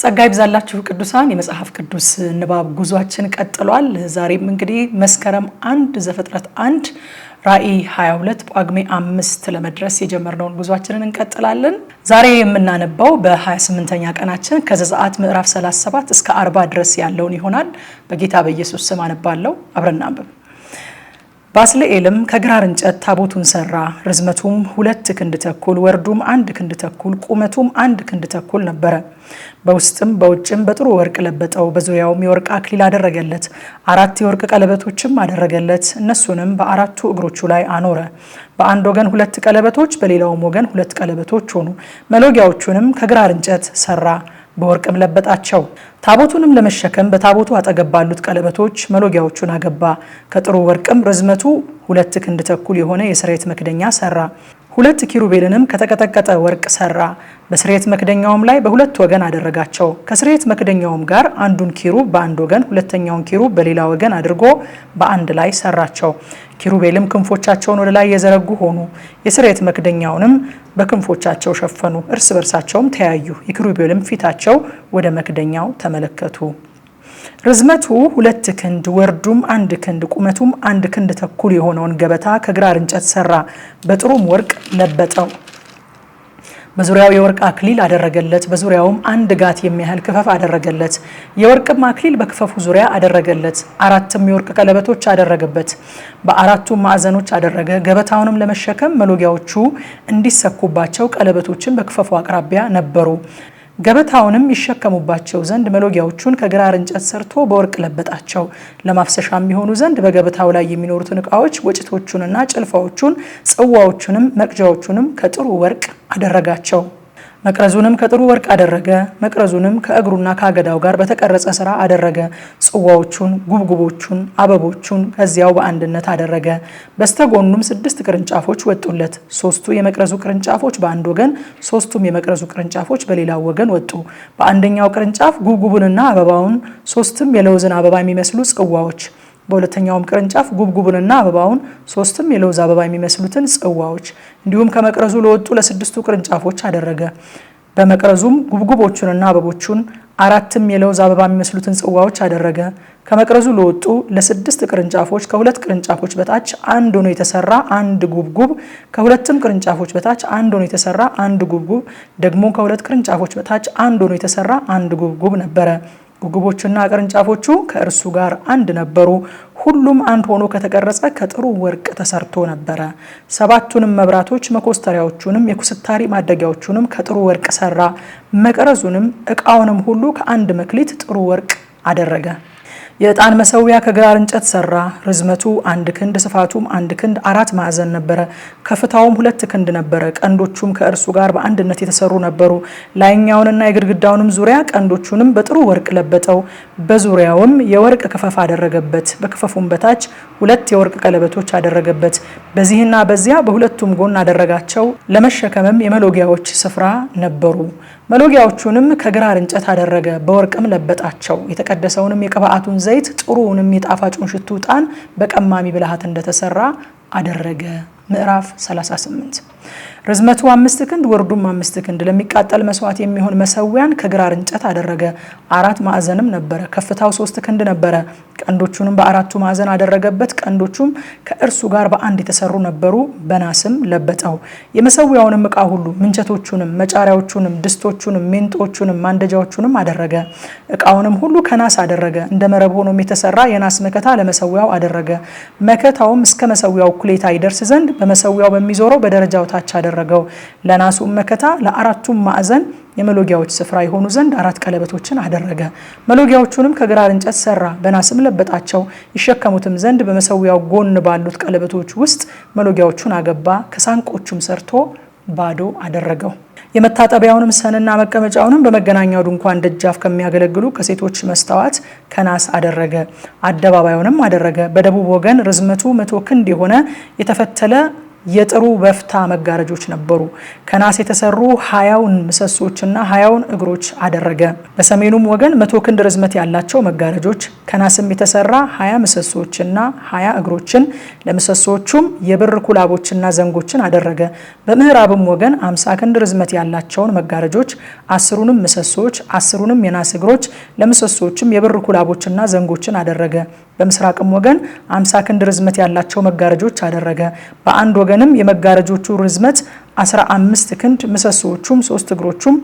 ጸጋ ይብዛላችሁ ቅዱሳን። የመጽሐፍ ቅዱስ ንባብ ጉዟችን ቀጥሏል። ዛሬም እንግዲህ መስከረም አንድ ዘፍጥረት አንድ ራእይ 22 ጳጉሜ አምስት ለመድረስ የጀመርነውን ጉዟችንን እንቀጥላለን። ዛሬ የምናነባው በ28ኛ ቀናችን ከዘፀአት ምዕራፍ 37 እስከ 40 ድረስ ያለውን ይሆናል። በጌታ በኢየሱስ ስም አነባለው። አብረን ባስልኤልም ከግራር እንጨት ታቦቱን ሰራ። ርዝመቱም ሁለት ክንድ ተኩል፣ ወርዱም አንድ ክንድ ተኩል፣ ቁመቱም አንድ ክንድ ተኩል ነበረ። በውስጥም በውጭም በጥሩ ወርቅ ለበጠው። በዙሪያውም የወርቅ አክሊል አደረገለት። አራት የወርቅ ቀለበቶችም አደረገለት። እነሱንም በአራቱ እግሮቹ ላይ አኖረ። በአንድ ወገን ሁለት ቀለበቶች፣ በሌላውም ወገን ሁለት ቀለበቶች ሆኑ። መሎጊያዎቹንም ከግራር እንጨት ሰራ። በወርቅም ለበጣቸው። ታቦቱንም ለመሸከም በታቦቱ አጠገብ ባሉት ቀለበቶች መሎጊያዎቹን አገባ። ከጥሩ ወርቅም ርዝመቱ ሁለት ክንድ ተኩል የሆነ የስርየት መክደኛ ሰራ። ሁለት ኪሩቤልንም ከተቀጠቀጠ ወርቅ ሰራ። በስርየት መክደኛውም ላይ በሁለት ወገን አደረጋቸው። ከስርየት መክደኛውም ጋር አንዱን ኪሩብ በአንድ ወገን፣ ሁለተኛውን ኪሩብ በሌላ ወገን አድርጎ በአንድ ላይ ሰራቸው። ኪሩቤልም ክንፎቻቸውን ወደ ላይ የዘረጉ ሆኑ። የስርየት መክደኛውንም በክንፎቻቸው ሸፈኑ። እርስ በርሳቸውም ተያዩ። የኪሩቤልም ፊታቸው ወደ መክደኛው ተመለከቱ። ርዝመቱ ሁለት ክንድ ወርዱም አንድ ክንድ ቁመቱም አንድ ክንድ ተኩል የሆነውን ገበታ ከግራር እንጨት ሰራ። በጥሩም ወርቅ ለበጠው። በዙሪያው የወርቅ አክሊል አደረገለት፣ በዙሪያውም አንድ ጋት የሚያህል ክፈፍ አደረገለት። የወርቅም አክሊል በክፈፉ ዙሪያ አደረገለት። አራትም የወርቅ ቀለበቶች አደረገበት፣ በአራቱ ማዕዘኖች አደረገ። ገበታውንም ለመሸከም መሎጊያዎቹ እንዲሰኩባቸው ቀለበቶችን በክፈፉ አቅራቢያ ነበሩ። ገበታውንም ይሸከሙባቸው ዘንድ መሎጊያዎቹን ከግራር እንጨት ሰርቶ በወርቅ ለበጣቸው። ለማፍሰሻ የሚሆኑ ዘንድ በገበታው ላይ የሚኖሩትን ዕቃዎች ወጭቶቹንና ጭልፋዎቹን፣ ጽዋዎቹንም መቅጃዎቹንም ከጥሩ ወርቅ አደረጋቸው። መቅረዙንም ከጥሩ ወርቅ አደረገ። መቅረዙንም ከእግሩና ከአገዳው ጋር በተቀረጸ ስራ አደረገ። ጽዋዎቹን፣ ጉብጉቦቹን፣ አበቦቹን ከዚያው በአንድነት አደረገ። በስተጎኑም ስድስት ቅርንጫፎች ወጡለት። ሶስቱ የመቅረዙ ቅርንጫፎች በአንድ ወገን፣ ሶስቱም የመቅረዙ ቅርንጫፎች በሌላው ወገን ወጡ። በአንደኛው ቅርንጫፍ ጉብጉቡንና አበባውን፣ ሶስትም የለውዝን አበባ የሚመስሉ ጽዋዎች በሁለተኛውም ቅርንጫፍ ጉብጉቡንና አበባውን ሶስትም የለውዝ አበባ የሚመስሉትን ጽዋዎች እንዲሁም ከመቅረዙ ለወጡ ለስድስቱ ቅርንጫፎች አደረገ። በመቅረዙም ጉብጉቦቹንና አበቦቹን አራትም የለውዝ አበባ የሚመስሉትን ጽዋዎች አደረገ። ከመቅረዙ ለወጡ ለስድስት ቅርንጫፎች ከሁለት ቅርንጫፎች በታች አንድ ሆኖ የተሰራ አንድ ጉብጉብ፣ ከሁለትም ቅርንጫፎች በታች አንድ ሆኖ የተሰራ አንድ ጉብጉብ፣ ደግሞ ከሁለት ቅርንጫፎች በታች አንድ ሆኖ የተሰራ አንድ ጉብጉብ ነበረ። ውግቦችና ቅርንጫፎቹ ከእርሱ ጋር አንድ ነበሩ። ሁሉም አንድ ሆኖ ከተቀረጸ ከጥሩ ወርቅ ተሰርቶ ነበረ። ሰባቱንም መብራቶች መኮስተሪያዎቹንም የኩስታሪ ማደጊያዎቹንም ከጥሩ ወርቅ ሰራ። መቅረዙንም እቃውንም ሁሉ ከአንድ መክሊት ጥሩ ወርቅ አደረገ። የዕጣን መሰዊያ ከግራር እንጨት ሰራ። ርዝመቱ አንድ ክንድ ስፋቱም አንድ ክንድ አራት ማዕዘን ነበረ። ከፍታውም ሁለት ክንድ ነበረ። ቀንዶቹም ከእርሱ ጋር በአንድነት የተሰሩ ነበሩ። ላይኛውንና የግድግዳውንም ዙሪያ ቀንዶቹንም በጥሩ ወርቅ ለበጠው። በዙሪያውም የወርቅ ክፈፍ አደረገበት። በክፈፉም በታች ሁለት የወርቅ ቀለበቶች አደረገበት። በዚህና በዚያ በሁለቱም ጎን አደረጋቸው። ለመሸከምም የመሎጊያዎች ስፍራ ነበሩ። መሎጊያዎቹንም ከግራር እንጨት አደረገ፣ በወርቅም ለበጣቸው። የተቀደሰውንም የቅብዓቱን ዘይት ጥሩውንም የጣፋጩን ሽቱ ዕጣን በቀማሚ ብልሃት እንደተሰራ አደረገ። ምዕራፍ 38 ርዝመቱ አምስት ክንድ ወርዱም አምስት ክንድ ለሚቃጠል መስዋዕት የሚሆን መሰዊያን ከግራር እንጨት አደረገ። አራት ማዕዘንም ነበረ፣ ከፍታው ሶስት ክንድ ነበረ። ቀንዶቹንም በአራቱ ማዕዘን አደረገበት። ቀንዶቹም ከእርሱ ጋር በአንድ የተሰሩ ነበሩ። በናስም ለበጠው። የመሰዊያውንም ዕቃ ሁሉ ምንቸቶቹንም፣ መጫሪያዎቹንም፣ ድስቶቹንም፣ ሜንጦቹንም፣ ማንደጃዎቹንም አደረገ። ዕቃውንም ሁሉ ከናስ አደረገ። እንደ መረብ ሆኖም የተሰራ የናስ መከታ ለመሰዊያው አደረገ። መከታውም እስከ መሰዊያው ኩሌታ ይደርስ ዘንድ በመሰዊያው በሚዞረው በደረጃው ታች አደረገ። ያደረገው። ለናሱም መከታ ለአራቱም ማዕዘን የመሎጊያዎች ስፍራ የሆኑ ዘንድ አራት ቀለበቶችን አደረገ። መሎጊያዎቹንም ከግራር እንጨት ሰራ፣ በናስም ለበጣቸው። ይሸከሙትም ዘንድ በመሰዊያው ጎን ባሉት ቀለበቶች ውስጥ መሎጊያዎቹን አገባ። ከሳንቆቹም ሰርቶ ባዶ አደረገው። የመታጠቢያውንም ሰንና መቀመጫውንም በመገናኛው ድንኳን ደጃፍ ከሚያገለግሉ ከሴቶች መስታወት ከናስ አደረገ። አደባባዩንም አደረገ። በደቡብ ወገን ርዝመቱ መቶ ክንድ የሆነ የተፈተለ የጥሩ በፍታ መጋረጆች ነበሩ። ከናስ የተሰሩ ሀያውን ምሰሶችና ሀያውን እግሮች አደረገ። በሰሜኑም ወገን መቶ ክንድ ርዝመት ያላቸው መጋረጆች ከናስም የተሰራ ሀያ ምሰሶችና ሀያ እግሮችን ለምሰሶቹም የብር ኩላቦችና ዘንጎችን አደረገ። በምዕራብም ወገን አምሳ ክንድ ርዝመት ያላቸውን መጋረጆች አስሩንም ምሰሶች አስሩንም የናስ እግሮች ለምሰሶቹም የብር ኩላቦችና ዘንጎችን አደረገ። በምስራቅም ወገን አምሳ ክንድ ርዝመት ያላቸው መጋረጆች አደረገ። በአንድ ወገን ወገንም የመጋረጆቹ ርዝመት 15 ክንድ ምሰሶዎቹም ሶስት እግሮቹም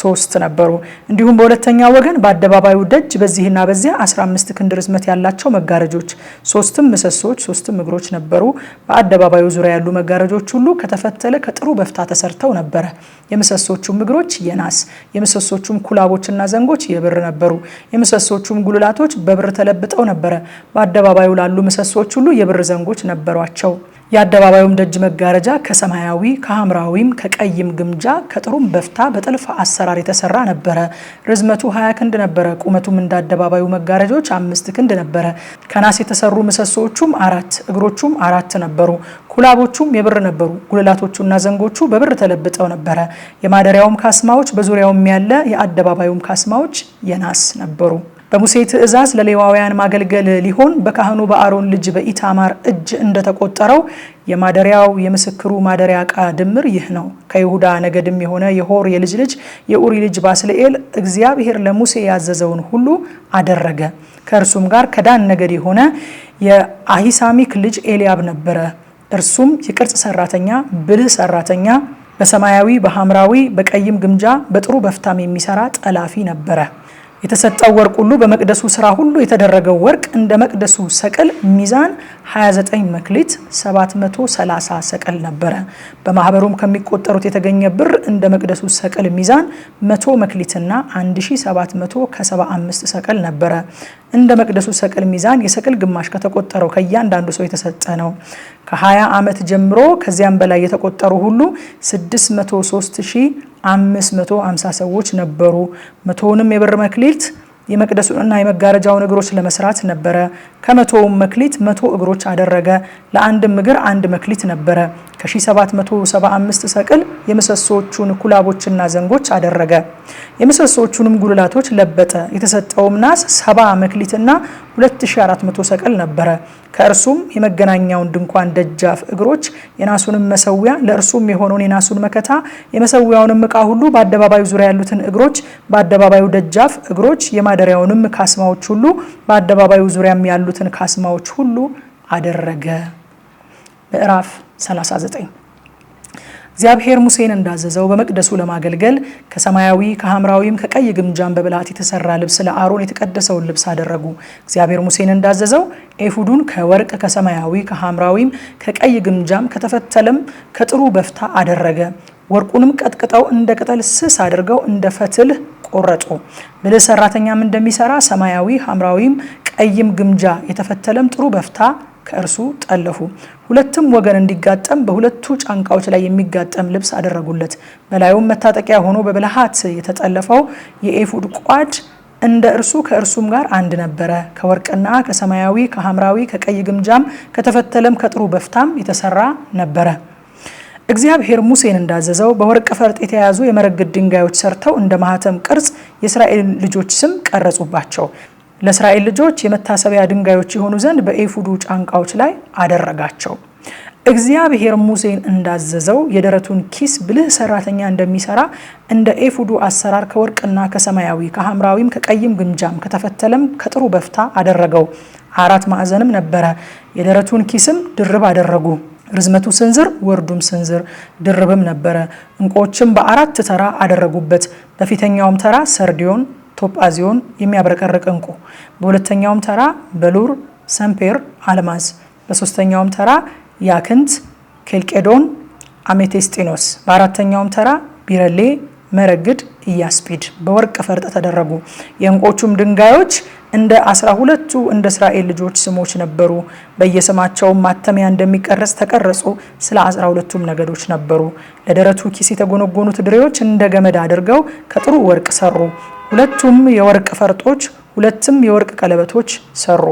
ሶስት ነበሩ። እንዲሁም በሁለተኛ ወገን በአደባባዩ ደጅ በዚህና በዚያ 15 ክንድ ርዝመት ያላቸው መጋረጆች ሶስትም ምሰሶች ሶስትም እግሮች ነበሩ። በአደባባዩ ዙሪያ ያሉ መጋረጆች ሁሉ ከተፈተለ ከጥሩ በፍታ ተሰርተው ነበረ። የምሰሶቹም እግሮች የናስ የምሰሶቹም ኩላቦችና ዘንጎች የብር ነበሩ። የምሰሶቹም ጉልላቶች በብር ተለብጠው ነበረ። በአደባባዩ ላሉ ምሰሶች ሁሉ የብር ዘንጎች ነበሯቸው። የአደባባዩም ደጅ መጋረጃ ከሰማያዊ ከሐምራዊም ከቀይም ግምጃ ከጥሩም በፍታ በጥልፍ አሰራር የተሰራ ነበረ። ርዝመቱ ሀያ ክንድ ነበረ። ቁመቱም እንደ አደባባዩ መጋረጃዎች አምስት ክንድ ነበረ። ከናስ የተሰሩ ምሰሶዎቹም አራት እግሮቹም አራት ነበሩ። ኩላቦቹም የብር ነበሩ። ጉልላቶቹና ዘንጎቹ በብር ተለብጠው ነበረ። የማደሪያውም ካስማዎች በዙሪያውም ያለ የአደባባዩም ካስማዎች የናስ ነበሩ። በሙሴ ትእዛዝ ለሌዋውያን ማገልገል ሊሆን በካህኑ በአሮን ልጅ በኢታማር እጅ እንደተቆጠረው የማደሪያው የምስክሩ ማደሪያ ዕቃ ድምር ይህ ነው። ከይሁዳ ነገድም የሆነ የሆር የልጅ ልጅ የኡሪ ልጅ ባስልኤል እግዚአብሔር ለሙሴ ያዘዘውን ሁሉ አደረገ። ከእርሱም ጋር ከዳን ነገድ የሆነ የአሂሳሚክ ልጅ ኤልያብ ነበረ። እርሱም የቅርጽ ሰራተኛ፣ ብልህ ሰራተኛ በሰማያዊ በሐምራዊ በቀይም ግምጃ በጥሩ በፍታም የሚሰራ ጠላፊ ነበረ። የተሰጠው ወርቅ ሁሉ በመቅደሱ ስራ ሁሉ የተደረገው ወርቅ እንደ መቅደሱ ሰቅል ሚዛን 29 መክሊት 730 ሰቅል ነበረ። በማህበሩም ከሚቆጠሩት የተገኘ ብር እንደ መቅደሱ ሰቅል ሚዛን 100 መክሊትና 1775 75 ሰቅል ነበረ። እንደ መቅደሱ ሰቅል ሚዛን የሰቅል ግማሽ ከተቆጠረው ከእያንዳንዱ ሰው የተሰጠ ነው። ከ20 ዓመት ጀምሮ ከዚያም በላይ የተቆጠሩ ሁሉ 603 550 ሰዎች ነበሩ። መቶውንም የብር መክሊት የመቅደሱንና የመጋረጃውን እግሮች ለመስራት ነበረ። ከመቶውም መክሊት መቶ እግሮች አደረገ። ለአንድም እግር አንድ መክሊት ነበረ። ከ1775 ሰቅል የምሰሶዎቹን ኩላቦችና ዘንጎች አደረገ። የምሰሶዎቹንም ጉልላቶች ለበጠ። የተሰጠውም ናስ 70 መክሊትና 2400 ሰቅል ነበረ። ከእርሱም የመገናኛውን ድንኳን ደጃፍ እግሮች፣ የናሱንም መሰዊያ፣ ለእርሱም የሆነውን የናሱን መከታ፣ የመሰዊያውንም እቃ ሁሉ፣ በአደባባዩ ዙሪያ ያሉትን እግሮች፣ በአደባባዩ ደጃፍ እግሮች፣ የማደሪያውንም ካስማዎች ሁሉ፣ በአደባባዩ ዙሪያም ያሉትን ካስማዎች ሁሉ አደረገ። ምዕራፍ 39 እግዚአብሔር ሙሴን እንዳዘዘው በመቅደሱ ለማገልገል ከሰማያዊ ከሐምራዊም ከቀይ ግምጃም በብልሃት የተሰራ ልብስ ለአሮን የተቀደሰውን ልብስ አደረጉ። እግዚአብሔር ሙሴን እንዳዘዘው ኤፉዱን ከወርቅ ከሰማያዊ ከሐምራዊም ከቀይ ግምጃም ከተፈተለም ከጥሩ በፍታ አደረገ። ወርቁንም ቀጥቅጠው እንደ ቅጠል ስስ አድርገው እንደ ፈትል ቆረጡ። ብልህ ሰራተኛም እንደሚሰራ ሰማያዊ ሐምራዊም ቀይም ግምጃ የተፈተለም ጥሩ በፍታ ከእርሱ ጠለፉ። ሁለትም ወገን እንዲጋጠም በሁለቱ ጫንቃዎች ላይ የሚጋጠም ልብስ አደረጉለት። በላዩም መታጠቂያ ሆኖ በብልሃት የተጠለፈው የኤፉድ ቋድ እንደ እርሱ ከእርሱም ጋር አንድ ነበረ። ከወርቅና ከሰማያዊ ከሐምራዊ ከቀይ ግምጃም ከተፈተለም ከጥሩ በፍታም የተሰራ ነበረ። እግዚአብሔር ሙሴን እንዳዘዘው በወርቅ ፈርጥ የተያዙ የመረግድ ድንጋዮች ሰርተው እንደ ማህተም ቅርጽ የእስራኤል ልጆች ስም ቀረጹባቸው። ለእስራኤል ልጆች የመታሰቢያ ድንጋዮች የሆኑ ዘንድ በኤፉዱ ጫንቃዎች ላይ አደረጋቸው። እግዚአብሔር ሙሴን እንዳዘዘው የደረቱን ኪስ ብልህ ሰራተኛ እንደሚሰራ እንደ ኤፉዱ አሰራር ከወርቅና ከሰማያዊ ከሐምራዊም ከቀይም ግምጃም ከተፈተለም ከጥሩ በፍታ አደረገው። አራት ማዕዘንም ነበረ። የደረቱን ኪስም ድርብ አደረጉ። ርዝመቱ ስንዝር ወርዱም ስንዝር ድርብም ነበረ። እንቆችም በአራት ተራ አደረጉበት። በፊተኛውም ተራ ሰርዲዮን ቶጳዚዮን የሚያብረቀርቅ እንቁ፣ በሁለተኛውም ተራ በሉር፣ ሰምፔር፣ አልማዝ፣ በሶስተኛውም ተራ ያክንት፣ ኬልቄዶን፣ አሜቴስጢኖስ፣ በአራተኛውም ተራ ቢረሌ፣ መረግድ፣ እያስፒድ በወርቅ ፈርጥ ተደረጉ። የእንቆቹም ድንጋዮች እንደ አስራ ሁለቱ እንደ እስራኤል ልጆች ስሞች ነበሩ። በየስማቸውም ማተሚያ እንደሚቀረጽ ተቀረጹ። ስለ አስራ ሁለቱም ነገዶች ነበሩ። ለደረቱ ኪስ የተጎነጎኑት ድሬዎች እንደ ገመድ አድርገው ከጥሩ ወርቅ ሰሩ። ሁለቱም የወርቅ ፈርጦች፣ ሁለትም የወርቅ ቀለበቶች ሰሩ።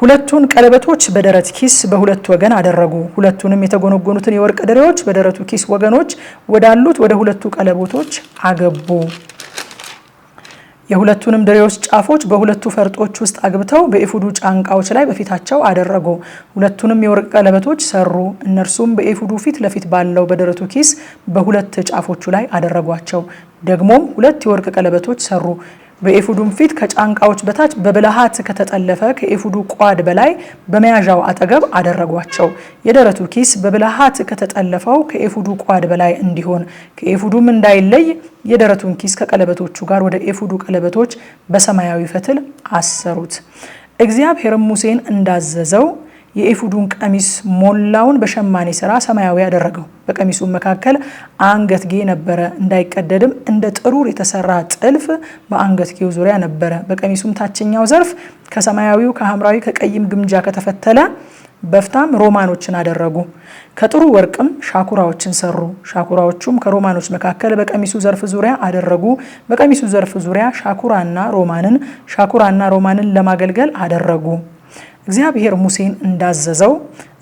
ሁለቱን ቀለበቶች በደረት ኪስ በሁለት ወገን አደረጉ። ሁለቱንም የተጎነጎኑትን የወርቅ ድሬዎች በደረቱ ኪስ ወገኖች ወዳሉት ወደ ሁለቱ ቀለበቶች አገቡ። የሁለቱንም ድሬዎች ጫፎች በሁለቱ ፈርጦች ውስጥ አግብተው በኤፉዱ ጫንቃዎች ላይ በፊታቸው አደረጉ። ሁለቱንም የወርቅ ቀለበቶች ሰሩ። እነርሱም በኤፉዱ ፊት ለፊት ባለው በደረቱ ኪስ በሁለት ጫፎቹ ላይ አደረጓቸው። ደግሞም ሁለት የወርቅ ቀለበቶች ሰሩ። በኤፉዱም ፊት ከጫንቃዎች በታች በብልሃት ከተጠለፈ ከኤፉዱ ቋድ በላይ በመያዣው አጠገብ አደረጓቸው። የደረቱ ኪስ በብልሃት ከተጠለፈው ከኤፉዱ ቋድ በላይ እንዲሆን ከኤፉዱም እንዳይለይ የደረቱን ኪስ ከቀለበቶቹ ጋር ወደ ኤፉዱ ቀለበቶች በሰማያዊ ፈትል አሰሩት። እግዚአብሔርም ሙሴን እንዳዘዘው የኤፉዱን ቀሚስ ሞላውን በሸማኔ ስራ ሰማያዊ ያደረገው። በቀሚሱ መካከል አንገትጌ ነበረ፣ እንዳይቀደድም እንደ ጥሩር የተሰራ ጥልፍ በአንገትጌው ዙሪያ ነበረ። በቀሚሱም ታችኛው ዘርፍ ከሰማያዊው ከሐምራዊ ከቀይም ግምጃ ከተፈተለ በፍታም ሮማኖችን አደረጉ። ከጥሩ ወርቅም ሻኩራዎችን ሰሩ። ሻኩራዎቹም ከሮማኖች መካከል በቀሚሱ ዘርፍ ዙሪያ አደረጉ። በቀሚሱ ዘርፍ ዙሪያ ሻኩራና ሮማንን ሻኩራና ሮማንን ለማገልገል አደረጉ። እግዚአብሔር ሙሴን እንዳዘዘው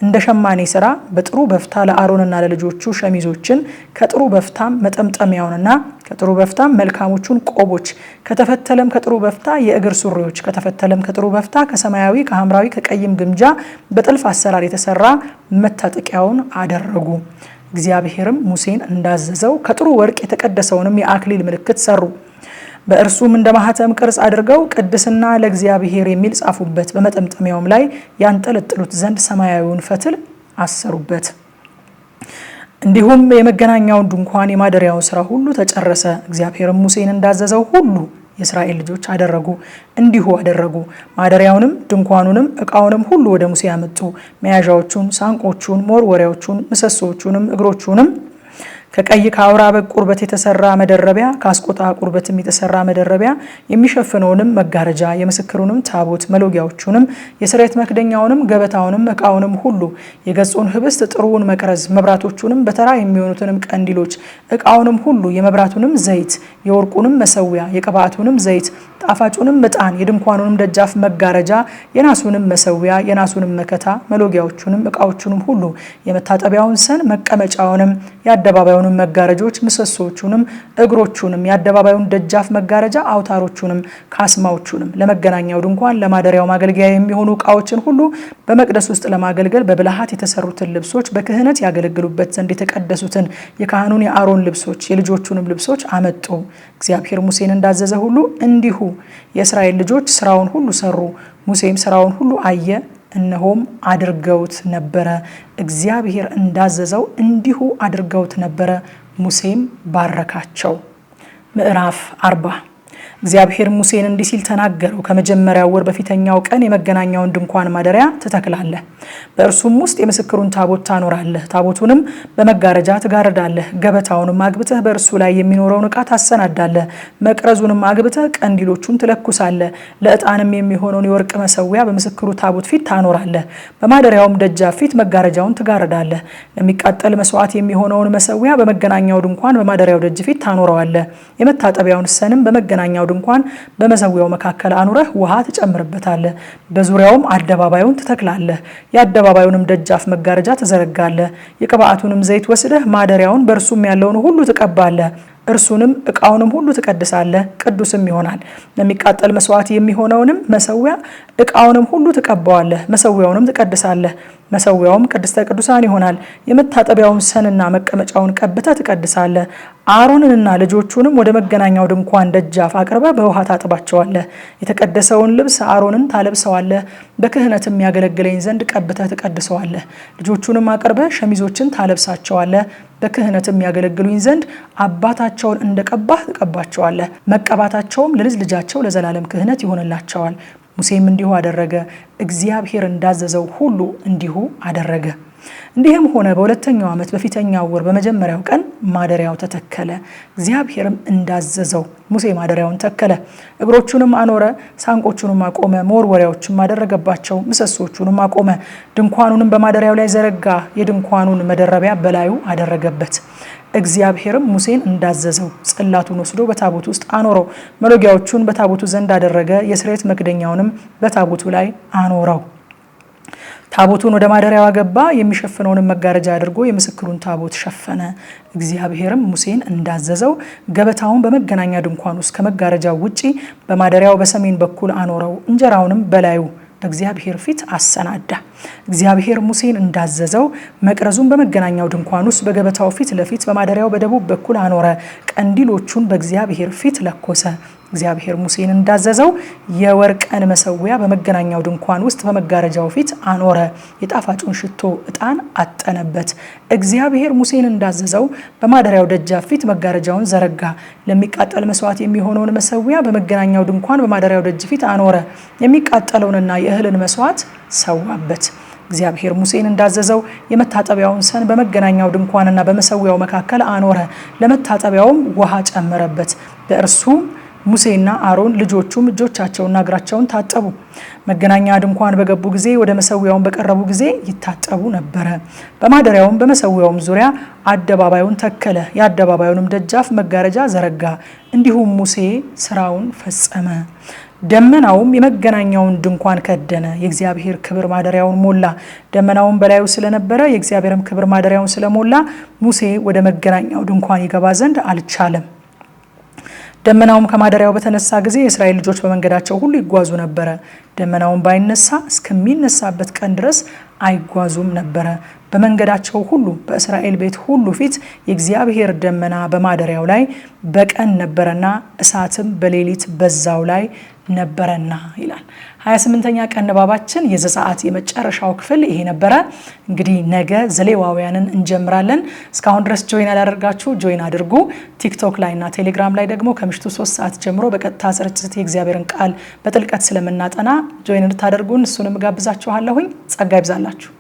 እንደ ሸማኔ ስራ በጥሩ በፍታ ለአሮንና ለልጆቹ ሸሚዞችን ከጥሩ በፍታም መጠምጠሚያውንና ከጥሩ በፍታም መልካሞቹን ቆቦች ከተፈተለም ከጥሩ በፍታ የእግር ሱሪዎች ከተፈተለም ከጥሩ በፍታ ከሰማያዊ ከሐምራዊ ከቀይም ግምጃ በጥልፍ አሰራር የተሰራ መታጠቂያውን አደረጉ። እግዚአብሔርም ሙሴን እንዳዘዘው ከጥሩ ወርቅ የተቀደሰውንም የአክሊል ምልክት ሰሩ። በእርሱም እንደ ማህተም ቅርጽ አድርገው ቅድስና ለእግዚአብሔር የሚል ጻፉበት። በመጠምጠሚያውም ላይ ያንጠለጥሉት ዘንድ ሰማያዊውን ፈትል አሰሩበት። እንዲሁም የመገናኛውን ድንኳን የማደሪያውን ስራ ሁሉ ተጨረሰ። እግዚአብሔርም ሙሴን እንዳዘዘው ሁሉ የእስራኤል ልጆች አደረጉ፣ እንዲሁ አደረጉ። ማደሪያውንም ድንኳኑንም እቃውንም ሁሉ ወደ ሙሴ አመጡ። መያዣዎቹን፣ ሳንቆቹን፣ መወርወሪያዎቹን፣ ምሰሶዎቹንም እግሮቹንም ከቀይ ከአውራ በግ ቁርበት የተሰራ መደረቢያ ከአስቆጣ ቁርበትም የተሰራ መደረቢያ የሚሸፍነውንም መጋረጃ የምስክሩንም ታቦት መሎጊያዎቹንም የስርየት መክደኛውንም ገበታውንም እቃውንም ሁሉ የገጹን ህብስት ጥሩውን መቅረዝ መብራቶቹንም በተራ የሚሆኑትንም ቀንዲሎች እቃውንም ሁሉ የመብራቱንም ዘይት የወርቁንም መሰዊያ የቅባቱንም ዘይት ጣፋጩንም እጣን የድንኳኑንም ደጃፍ መጋረጃ የናሱንም መሰዊያ የናሱንም መከታ መሎጊያዎቹንም እቃዎቹንም ሁሉ የመታጠቢያውን ሰን መቀመጫውንም የአደባባዩን የጣሪያውንም መጋረጃዎች ምሰሶቹንም እግሮቹንም የአደባባዩን ደጃፍ መጋረጃ አውታሮቹንም ካስማዎቹንም ለመገናኛው ድንኳን ለማደሪያው ማገልገያ የሚሆኑ እቃዎችን ሁሉ በመቅደስ ውስጥ ለማገልገል በብልሃት የተሰሩትን ልብሶች በክህነት ያገለግሉበት ዘንድ የተቀደሱትን የካህኑን የአሮን ልብሶች የልጆቹንም ልብሶች አመጡ። እግዚአብሔር ሙሴን እንዳዘዘ ሁሉ እንዲሁ የእስራኤል ልጆች ስራውን ሁሉ ሰሩ። ሙሴም ስራውን ሁሉ አየ እነሆም አድርገውት ነበረ፣ እግዚአብሔር እንዳዘዘው እንዲሁ አድርገውት ነበረ፣ ሙሴም ባረካቸው። ምዕራፍ አርባ እግዚአብሔር ሙሴን እንዲህ ሲል ተናገረው፣ ከመጀመሪያው ወር በፊተኛው ቀን የመገናኛውን ድንኳን ማደሪያ ትተክላለህ፣ በእርሱም ውስጥ የምስክሩን ታቦት ታኖራለህ። ታቦቱንም በመጋረጃ ትጋርዳለህ፣ ገበታውንም አግብተህ በእርሱ ላይ የሚኖረውን ዕቃ ታሰናዳለህ። መቅረዙንም አግብተህ ቀንዲሎቹን ትለኩሳለህ። ለዕጣንም የሚሆነውን የወርቅ መሰዊያ በምስክሩ ታቦት ፊት ታኖራለህ። በማደሪያውም ደጃፍ ፊት መጋረጃውን ትጋርዳለህ። ለሚቃጠል መስዋዕት የሚሆነውን መሰዊያ በመገናኛው ድንኳን በማደሪያው ደጅ ፊት ታኖረዋለህ። የመታጠቢያውን ሰንም በመገናኛው ድንኳን በመሰዊያው መካከል አኑረህ ውሃ ትጨምርበታለህ። በዙሪያውም አደባባዩን ትተክላለህ። የአደባባዩንም ደጃፍ መጋረጃ ትዘረጋለህ። የቅብአቱንም ዘይት ወስደህ ማደሪያውን በእርሱም ያለውን ሁሉ ትቀባለህ። እርሱንም እቃውንም ሁሉ ትቀድሳለህ፣ ቅዱስም ይሆናል። ለሚቃጠል መስዋዕት የሚሆነውንም መሰዊያ እቃውንም ሁሉ ትቀባዋለህ፣ መሰዊያውንም ትቀድሳለህ። መሰዊያውም ቅድስተ ቅዱሳን ይሆናል። የመታጠቢያውን ሰንና መቀመጫውን ቀብተ ትቀድሳለ አሮንንና ልጆቹንም ወደ መገናኛው ድንኳን ደጃፍ አቅርበ በውሃ ታጥባቸዋለ። የተቀደሰውን ልብስ አሮንን ታለብሰዋለ በክህነትም ያገለግለኝ ዘንድ ቀብተ ትቀድሰዋለ። ልጆቹንም አቅርበ ሸሚዞችን ታለብሳቸዋለ። በክህነትም ያገለግሉኝ ዘንድ አባታቸውን እንደቀባህ ትቀባቸዋለ። መቀባታቸውም ለልጅ ልጃቸው ለዘላለም ክህነት ይሆንላቸዋል። ሙሴም እንዲሁ አደረገ፣ እግዚአብሔር እንዳዘዘው ሁሉ እንዲሁ አደረገ። እንዲህም ሆነ በሁለተኛው ዓመት በፊተኛው ወር በመጀመሪያው ቀን ማደሪያው ተተከለ። እግዚአብሔርም እንዳዘዘው ሙሴ ማደሪያውን ተከለ። እግሮቹንም አኖረ፣ ሳንቆቹንም አቆመ፣ መወርወሪያዎችም አደረገባቸው፣ ምሰሶቹንም አቆመ። ድንኳኑንም በማደሪያው ላይ ዘረጋ፣ የድንኳኑን መደረቢያ በላዩ አደረገበት። እግዚአብሔርም ሙሴን እንዳዘዘው ጽላቱን ወስዶ በታቦቱ ውስጥ አኖረው። መሎጊያዎቹን በታቦቱ ዘንድ አደረገ። የስርየት መክደኛውንም በታቦቱ ላይ አኖረው። ታቦቱን ወደ ማደሪያው አገባ። የሚሸፍነውንም መጋረጃ አድርጎ የምስክሩን ታቦት ሸፈነ። እግዚአብሔርም ሙሴን እንዳዘዘው ገበታውን በመገናኛ ድንኳን ውስጥ ከመጋረጃው ውጪ በማደሪያው በሰሜን በኩል አኖረው። እንጀራውንም በላዩ በእግዚአብሔር ፊት አሰናዳ። እግዚአብሔር ሙሴን እንዳዘዘው መቅረዙን በመገናኛው ድንኳን ውስጥ በገበታው ፊት ለፊት በማደሪያው በደቡብ በኩል አኖረ። ቀንዲሎቹን በእግዚአብሔር ፊት ለኮሰ። እግዚአብሔር ሙሴን እንዳዘዘው የወርቀን መሰዊያ በመገናኛው ድንኳን ውስጥ በመጋረጃው ፊት አኖረ። የጣፋጩን ሽቶ እጣን አጠነበት። እግዚአብሔር ሙሴን እንዳዘዘው በማደሪያው ደጃፍ ፊት መጋረጃውን ዘረጋ። ለሚቃጠል መስዋዕት የሚሆነውን መሰዊያ በመገናኛው ድንኳን በማደሪያው ደጅ ፊት አኖረ። የሚቃጠለውንና የእህልን መስዋዕት ሰዋበት። እግዚአብሔር ሙሴን እንዳዘዘው የመታጠቢያውን ሰን በመገናኛው ድንኳንና በመሰዊያው መካከል አኖረ። ለመታጠቢያውም ውሃ ጨመረበት በእርሱም ሙሴና አሮን ልጆቹም እጆቻቸውና እግራቸውን ታጠቡ። መገናኛ ድንኳን በገቡ ጊዜ ወደ መሰዊያውን በቀረቡ ጊዜ ይታጠቡ ነበረ። በማደሪያውም በመሰዊያውም ዙሪያ አደባባዩን ተከለ። የአደባባዩንም ደጃፍ መጋረጃ ዘረጋ። እንዲሁም ሙሴ ስራውን ፈጸመ። ደመናውም የመገናኛውን ድንኳን ከደነ፣ የእግዚአብሔር ክብር ማደሪያውን ሞላ። ደመናውም በላዩ ስለነበረ የእግዚአብሔርም ክብር ማደሪያውን ስለሞላ ሙሴ ወደ መገናኛው ድንኳን ይገባ ዘንድ አልቻለም። ደመናውም ከማደሪያው በተነሳ ጊዜ የእስራኤል ልጆች በመንገዳቸው ሁሉ ይጓዙ ነበረ። ደመናውን ባይነሳ እስከሚነሳበት ቀን ድረስ አይጓዙም ነበረ። በመንገዳቸው ሁሉ በእስራኤል ቤት ሁሉ ፊት የእግዚአብሔር ደመና በማደሪያው ላይ በቀን ነበረና እሳትም በሌሊት በዛው ላይ ነበረና ይላል። 28ኛ ቀን ንባባችን የዘጸአት የመጨረሻው ክፍል ይሄ ነበረ። እንግዲህ ነገ ዘሌዋውያንን እንጀምራለን። እስካሁን ድረስ ጆይን ያላደርጋችሁ ጆይን አድርጉ። ቲክቶክ ላይ እና ቴሌግራም ላይ ደግሞ ከምሽቱ ሶስት ሰዓት ጀምሮ በቀጥታ ስርጭት የእግዚአብሔርን ቃል በጥልቀት ስለምናጠና ጆይን እንድታደርጉን እሱንም ጋብዛችኋለሁኝ። ጸጋ ይብዛላችሁ።